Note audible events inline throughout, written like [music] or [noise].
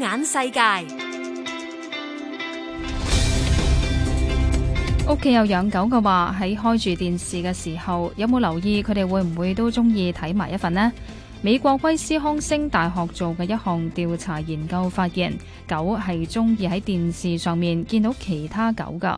眼世界，屋企有養狗嘅話，喺開住電視嘅時候，有冇留意佢哋會唔會都中意睇埋一份呢？美國威斯康星大學做嘅一項調查研究發現，狗係中意喺電視上面見到其他狗㗎。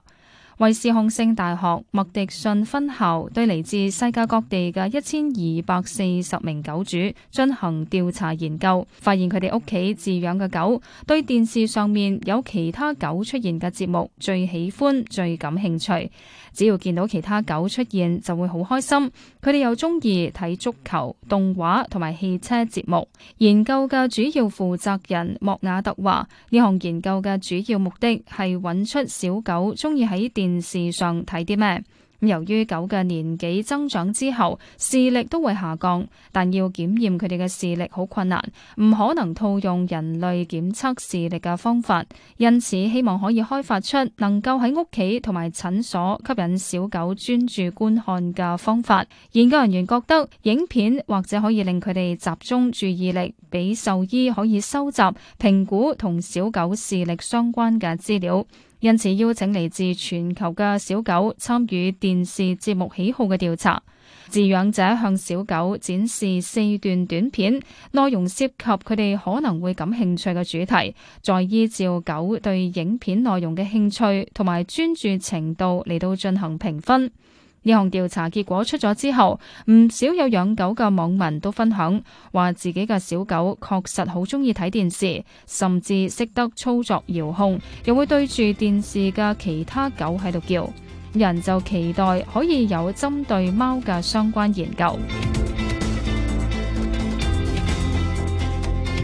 為威斯康辛大學麥迪遜分校對嚟自世界各地嘅一千二百四十名狗主進行調查研究，發現佢哋屋企自養嘅狗對電視上面有其他狗出現嘅節目最喜歡、最感興趣。只要見到其他狗出現就會好開心。佢哋又中意睇足球、動畫同埋汽車節目。研究嘅主要負責人莫亞特話：呢項研究嘅主要目的係揾出小狗中意喺電。電視上睇啲咩？咁由於狗嘅年紀增長之後，視力都會下降，但要檢驗佢哋嘅視力好困難，唔可能套用人類檢測視力嘅方法。因此，希望可以開發出能夠喺屋企同埋診所吸引小狗專注觀看嘅方法。研究人員覺得影片或者可以令佢哋集中注意力，俾獸醫可以收集評估同小狗視力相關嘅資料。因此邀請嚟自全球嘅小狗參與電視節目喜好嘅調查。飼養者向小狗展示四段短片，內容涉及佢哋可能會感興趣嘅主題，再依照狗對影片內容嘅興趣同埋專注程度嚟到進行評分。呢項調查結果出咗之後，唔少有養狗嘅網民都分享，話自己嘅小狗確實好中意睇電視，甚至識得操作遙控，又會對住電視嘅其他狗喺度叫。人就期待可以有針對貓嘅相關研究。 [music]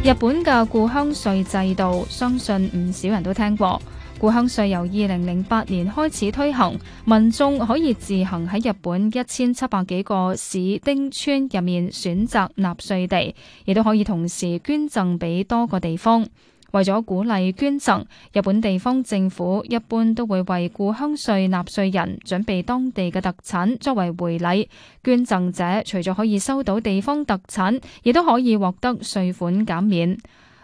日本嘅故鄉稅制度，相信唔少人都聽過。故鄉稅由二零零八年開始推行，民眾可以自行喺日本一千七百幾個市町村入面選擇納稅地，亦都可以同時捐贈俾多個地方。為咗鼓勵捐贈，日本地方政府一般都會為故鄉稅納稅人準備當地嘅特產作為回禮。捐贈者除咗可以收到地方特產，亦都可以獲得稅款減免。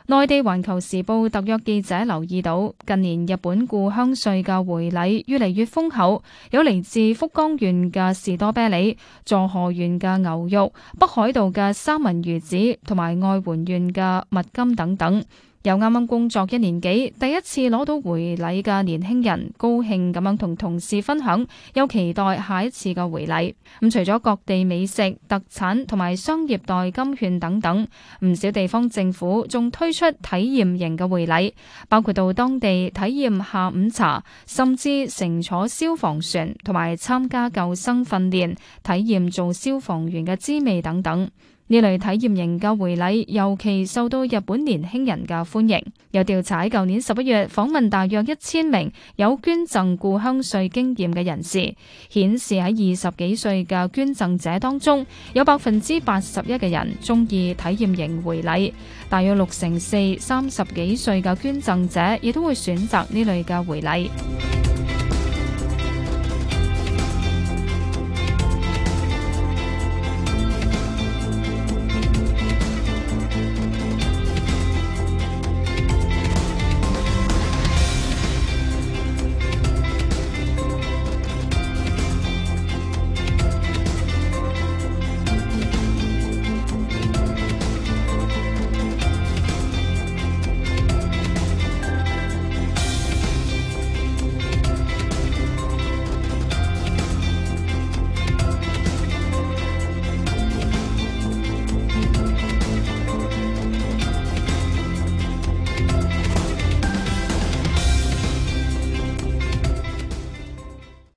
內地環球時報特約記者留意到，近年日本故鄉稅嘅回禮越嚟越豐厚，有嚟自福岡縣嘅士多啤梨、佐賀縣嘅牛肉、北海道嘅三文魚子，同埋愛媛縣嘅蜜柑等等。有啱啱工作一年幾，第一次攞到回禮嘅年輕人，高興咁樣同同事分享，又期待下一次嘅回禮。咁，嗯，除咗各地美食、特產同埋商業代金券等等，唔少地方政府仲推出體驗型嘅回禮，包括到當地體驗下午茶，甚至乘坐消防船同埋參加救生訓練，體驗做消防員嘅滋味等等。呢類體驗型嘅回禮尤其受到日本年輕人嘅歡迎。有調查喺舊年十一月訪問大約一千名有捐贈故鄉稅經驗嘅人士，顯示喺二十幾歲嘅捐贈者當中，有百分之八十一嘅人鍾意體驗型回禮。大約六成四三十幾歲嘅捐贈者亦都會選擇呢類嘅回禮。